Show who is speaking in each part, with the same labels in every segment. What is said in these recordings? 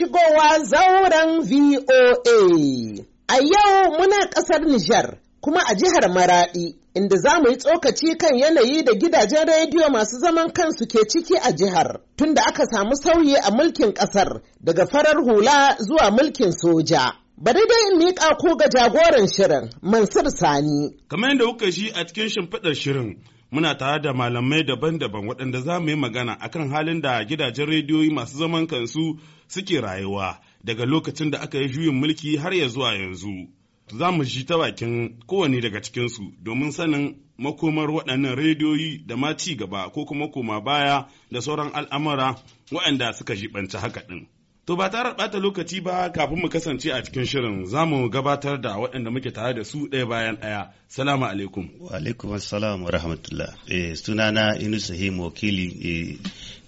Speaker 1: shigowa zauren VOA. A yau muna ƙasar Nijar kuma a jihar Maraɗi, inda za mu yi tsokaci kan yanayi da gidajen rediyo masu zaman kansu ke ciki a jihar, tunda aka samu sauyi a mulkin ƙasar daga farar hula zuwa mulkin soja. Bari dai in miƙa ku ga jagoran shirin Mansur Sani.
Speaker 2: Kamar yadda kuka shi a cikin shimfiɗar shirin, muna tare da malamai daban-daban waɗanda za mu yi magana akan halin da gidajen rediyoyi masu zaman kansu suke rayuwa daga lokacin da aka yi juyin mulki har ya zuwa yanzu. Za mu ji ta bakin kowane daga cikinsu domin sanin makomar waɗannan rediyoyi da ma ci gaba ko kuma koma baya da sauran al'amura waɗanda suka jibanci haka ɗin. To ba tare ɓata lokaci ba kafin mu kasance a cikin shirin za mu gabatar da waɗanda muke tare da su ɗaya bayan ɗaya. Salamu alaikum. Wa alaikum assalam wa rahmatullah. Eh, sunana Inusa Him wakili eh,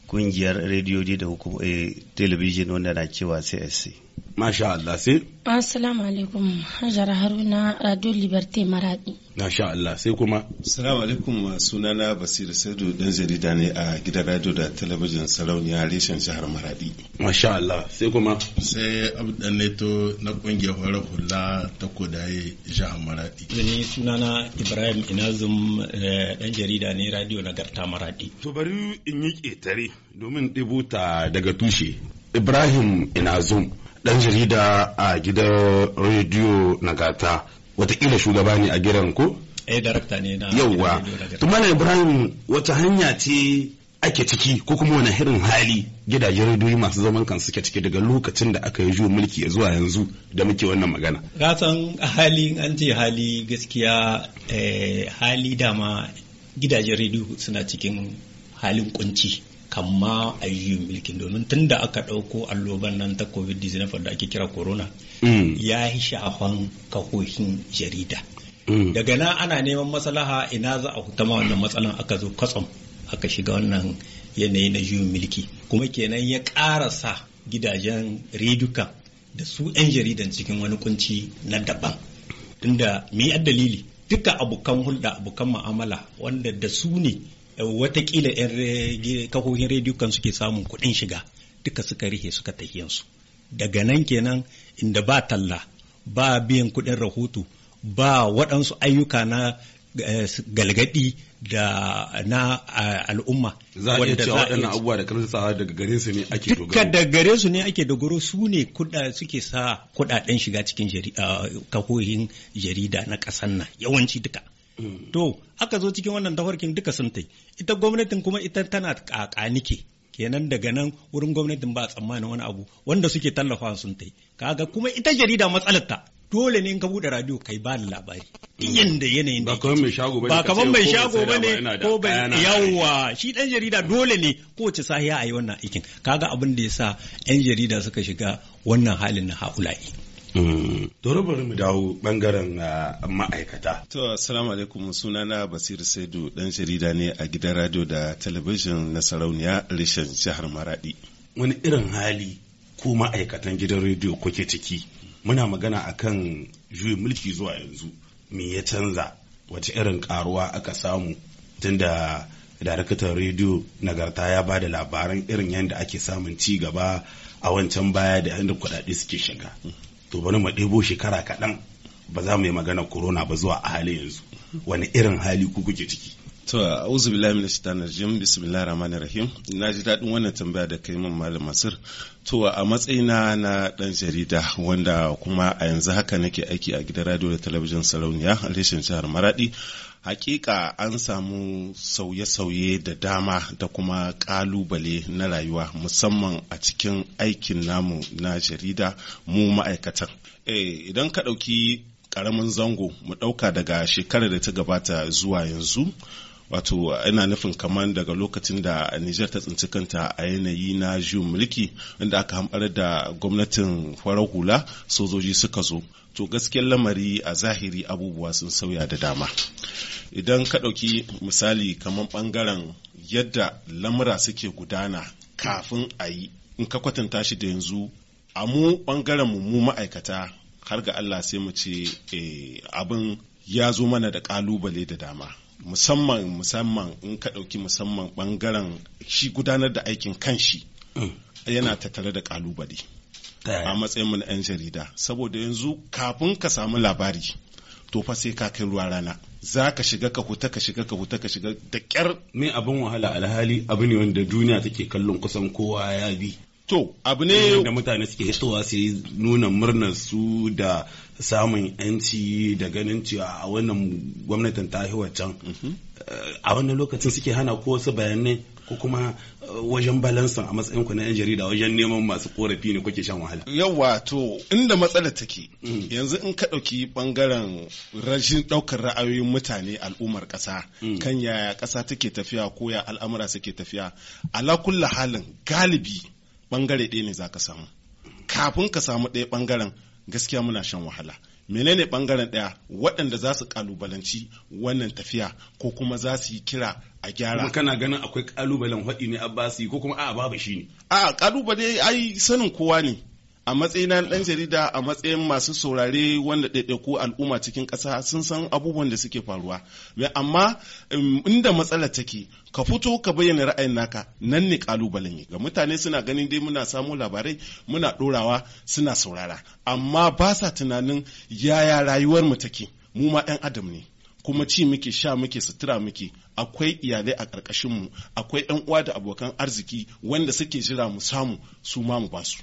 Speaker 2: kungiyar rediyoji da hukumar eh, telebijin wanda na cewa CSC. Masha Allah sai?
Speaker 1: Assalamu alaikum Hajara Haruna Radio Liberté Maradi.
Speaker 2: Masha Allah sai kuma? Assalamu alaikum sunana Basiru Saidu dan jarida ne a gidan radio da talabijin sarauniya reshen jihar Maradi. Masha Allah sai kuma? Sai Abdan Neto na kungiyar horar hula ta
Speaker 3: kodaye jihar Maradi. Ni sunana Ibrahim Inazum eh, dan jarida ne radio nagarta Maradi. To bari in yi ƙetare
Speaker 2: domin ɗibuta daga tushe. Ibrahim Inazum ɗan jarida a gidan rediyo nagata watakila shugaba ne a gidan ko?
Speaker 3: eh darakta ne na yauwa tumana
Speaker 2: ibrahim wata hanya ce ake ciki ko kuma wani hirin hali gidajen rediyoyi masu zaman kan suke ciki daga lokacin da aka yi juwa mulki zuwa yanzu da muke wannan magana
Speaker 3: kasan hali an ce hali gaskiya eh, hali dama gidajen rediyo suna cikin halin kunci kamma a yi mulkin domin tun da aka ɗauko alloban nan ta covid-19 da ake kira corona mm. ya yi shafan kahohin jarida mm. daga nan ana neman matsalaha ina za a hutama wannan matsalan aka zo kwatsam aka shiga wannan yanayi na juyin mulki kuma kenan ya ƙarasa gidajen reduka da su 'yan jaridan cikin wani kunci na daban tunda me dalili duka abokan hulɗa abokan ma'amala wanda da su ne watakila 'yan kafofin rediyo kan suke samun kuɗin shiga duka suka rihe suka tahiyansu daga nan kenan inda ba talla ba biyan kuɗin rahoto ba waɗansu ayyuka na eh, galgadi da na eh, al'umma za a iya waɗannan abubuwa
Speaker 2: da karfafawa daga gare su ne ake dogaro duka daga
Speaker 3: gare su ne ake dogaro su ne kuɗa suke sa kuɗaɗen shiga cikin eh, kahohin jarida na ƙasar nan yawanci duka to aka zo cikin wannan tafarkin duka sun tai ita gwamnatin kuma ita tana kaka nike kenan daga nan wurin gwamnatin ba tsammanin wani abu wanda suke tallafa sun tai kaga kuma ita jarida matsalar ta dole ne in ka bude radio kai ba ni labari mm. yanda yanayin da ba kaman mai shago ba kaman mai shago bane ko bai yawa shi dan jarida dole ne ko ci sahiya ayi yi wannan aikin kaga abin da yasa yan jarida suka shiga wannan halin na haula'i
Speaker 2: Doro bari mu dawo bangaren ah, ma'aikata. To, assalamu alaikum sunana Basiru Saidu dan jarida ne a gidan radio da talabijin na sarauniya reshen jihar Maradi. Wani irin hali ko ma'aikatan gidan radio kuke ciki? Muna magana akan juyin mulki zuwa yanzu. Me ya canza? Wace irin karuwa aka samu? Tunda darakatan rediyo nagarta ya ba da labaran irin yadda ake samun ci gaba a wancan baya da yadda kuɗaɗe suke shiga. to bari mu ɗebo shekara kaɗan ba za mu yi magana corona ba zuwa a halin yanzu wani irin hali ku kuke ciki to auzu billahi minash shaitanir rajim bismillahir rahmanir rahim na ji daɗin wannan tambaya da kai min malam masir to a matsayina na ɗan jarida wanda kuma a yanzu haka nake aiki a gidan radio da talabijin sarauniya reshen jihar maradi hakika an samu sauye-sauye da dama da kuma kalubale na rayuwa musamman a cikin aikin namu na jarida mu ma'aikatan eh, idan ka ɗauki ƙaramin zango mu ɗauka daga shekarar da ta gabata zuwa yanzu wato ina nufin kamar daga lokacin da Nijar ta tsinci kanta a yanayi na jiyun mulki inda aka hambar da gwamnatin farar hula sojoji suka zo to gaskiyar lamari a zahiri abubuwa sun sauya da dama idan ka ɗauki misali kamar ɓangaren yadda lamura suke gudana kafin a yi in ka kwatanta shi da yanzu a mu ɓangaren mu ma'aikata har ga Allah sai mu ce eh, abin ya zo mana da ƙalubale da dama musamman musamman in ka ɗauki musamman ɓangaren shi gudanar da aikin kan shi. Mm. yana tattare da ƙalubale a matsayin mu na 'yan jarida saboda yanzu kafin ka samu labari to fa sai ka kai ruwa rana za ka shiga ka huta ka shiga ka huta ka shiga da kyar. me abin wahala alhali abu ne wanda duniya take kallon kusan kowa ya bi to abu ne da mutane suke hitowa sai nuna murnar su da samun yanci da ganin cewa a wannan gwamnatin ta yi waccan eh, a wannan lokacin suke hana ko wasu bayanai ko kuma eh, wajen balansan a matsayin ku na yan jarida wajen neman masu korafi ne kuke shan wahala yawwa to inda matsala take mm. yanzu in ka ɗauki bangaren rashin ɗaukar ra'ayoyin mutane al'ummar ƙasa mm. kan yaya ƙasa take tafiya ko ya al'amura suke tafiya ala halin galibi bangare ɗaya ne za ka samu kafin ka samu ɗaya ɓangaren gaskiya muna shan wahala menene ɓangaren ɗaya waɗanda za su ƙalubalanci wannan tafiya ko kuma za su yi kira a gyara kuma kana ganin akwai ƙalubalen haɗi ne abbasi ko kuma a'a babu shi ne a'a ƙalubale ai sanin kowa ne a matsayin ɗan jarida a matsayin masu saurare wanda ɗaiɗaiku al'umma cikin ƙasa sun san abubuwan da suke faruwa amma inda matsala take ka fito ka bayyana ra'ayin naka nan ne ne. ga mutane suna ganin dai muna samu labarai muna ɗorawa suna saurara amma ba sa tunanin yaya rayuwar mu take mu ma 'yan adam ne kuma ci muke sha muke sutura muke akwai iyalai a ƙarƙashinmu akwai 'yan uwa da abokan arziki wanda suke jira mu samu su ma mu basu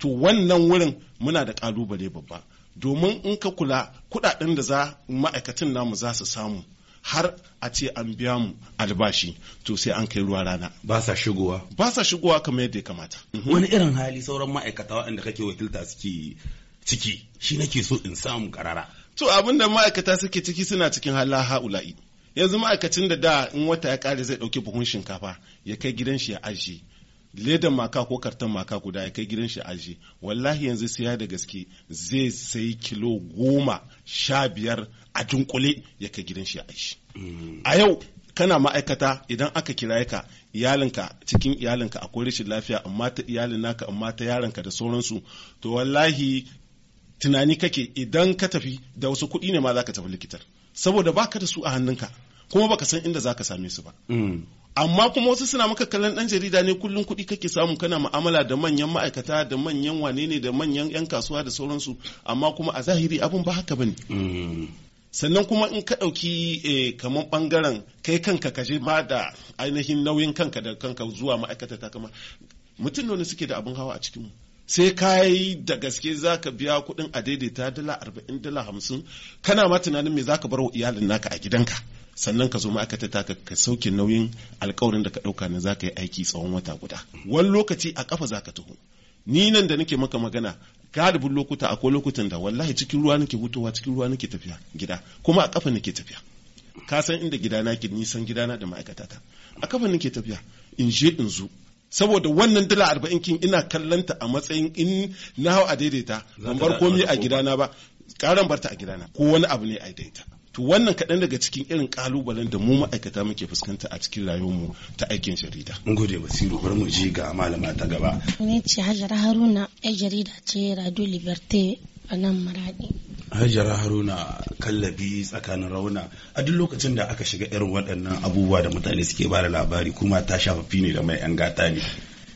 Speaker 2: to wannan wurin muna da kalubale babba domin in ka kula kuɗaɗen da za ma'aikatan namu za su samu har a ce an biya mu albashi to sai an kai ruwa rana ba sa shigowa ba sa shigowa kamar yadda ya kamata mhm. wani irin hali sauran ma'aikata waɗanda kake wakilta suke ciki shi nake so in samu karara to abin da ma'aikata suke ciki suna cikin hala ha'ula'i yanzu ma'aikacin da da in wata ya kare zai ɗauki buhun shinkafa ya kai gidan shi ya ajiye ledan maka ko karton maka guda ya kai gidan shi aji wallahi yanzu siya da gaske zai sayi kilo goma sha biyar a dunkule ya kai gidan shi aji mm. a yau kana ma'aikata idan aka kira ka iyalinka cikin iyalinka akwai rashin lafiya amma ta iyalin naka amma ta yaranka da sauransu to wallahi tunani kake idan ka tafi da wasu kuɗi ne ma za ka tafi likitar saboda baka da su a hannunka kuma baka san inda za ka same su ba mm. amma kuma wasu suna maka kallon dan jarida ne kullum kuɗi kake samu kana mu'amala da manyan ma'aikata da manyan wane ne da manyan 'yan kasuwa da sauransu amma kuma a zahiri abun ba haka bane mm. sannan kuma in ka ɗauki eh, kamar ɓangaren kai kanka ka je ma da ainihin nauyin kanka da kanka zuwa ma'aikata ta kama mutum ne suke da abin hawa a cikin mu sai ka yi da gaske za ka biya kuɗin a daidaita dala arba'in dala hamsin kana ma tunanin me za ka bar wa iyalin naka a gidanka sannan ka zo ma'aikata ta ka sauke nauyin alkawarin da ka ɗauka na za ka yi aiki tsawon wata guda wani lokaci a kafa za ka taho ni nan da nake maka magana galibin lokuta akwai lokutan da wallahi cikin ruwa nake hutowa cikin ruwa nake tafiya gida kuma a kafa nake tafiya ka san inda gidana ke nisan gidana da ma'aikata ta a kafa nake tafiya in je in zo saboda wannan dala arba'in kin ina kallanta a matsayin in na hau a daidaita ban bar komi a gidana ba karan barta a gidana ko wani abu ne a daidaita to wannan kaɗan daga cikin irin ƙalubalen da mu ma'aikata muke fuskanta a cikin mu ta aikin jarida. Mun gode Basiru bari mu ji ga malama ta gaba.
Speaker 1: Ni ce Hajara Haruna ɗan jarida ce Radio Liberté a nan Maradi.
Speaker 2: Hajara Haruna kallabi tsakanin rauna a duk lokacin da aka shiga irin waɗannan abubuwa da mutane suke ba da labari kuma ta shafafi ne da mai 'yan gata ne.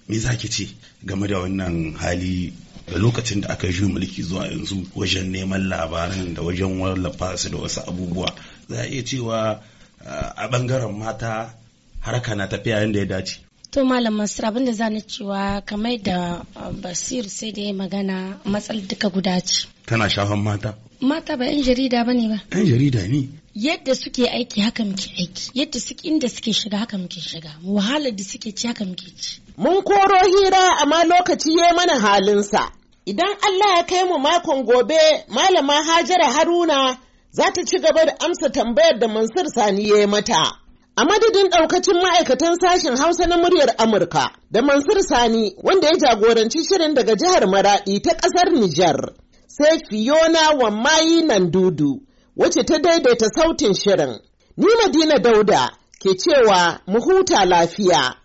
Speaker 2: Me za ki ce game da wannan hali da lokacin da aka yi mulki zuwa yanzu wajen neman labaran da wajen wallafa su da wasu abubuwa za a iya cewa eh, a bangaren mata haraka na tafiya yadda ya dace
Speaker 1: to malam masar abinda za ni cewa kamar da eh, basir sai da ya magana matsal duka guda ce
Speaker 2: tana shafan mata
Speaker 1: mata ba 'yan jarida ba ne ba
Speaker 2: 'yan jarida ne
Speaker 1: yadda suke aiki haka muke aiki yadda suke inda suke shiga haka muke shiga wahala da suke ci haka muke ci mun koro hira amma lokaci ya mana halinsa idan Allah ya kai mu makon gobe malama Hajara Haruna za ta ci gaba da amsa tambayar da Mansur Sani ya yi mata a madadin daukacin ma'aikatan sashen Hausa na muryar Amurka da Mansur Sani wanda ya jagoranci shirin daga jihar Maradi ta kasar Nijar sai Fiona Wamai Nandudu wacce ta daidaita sautin shirin. Ni Madina Dauda ke cewa mu huta lafiya.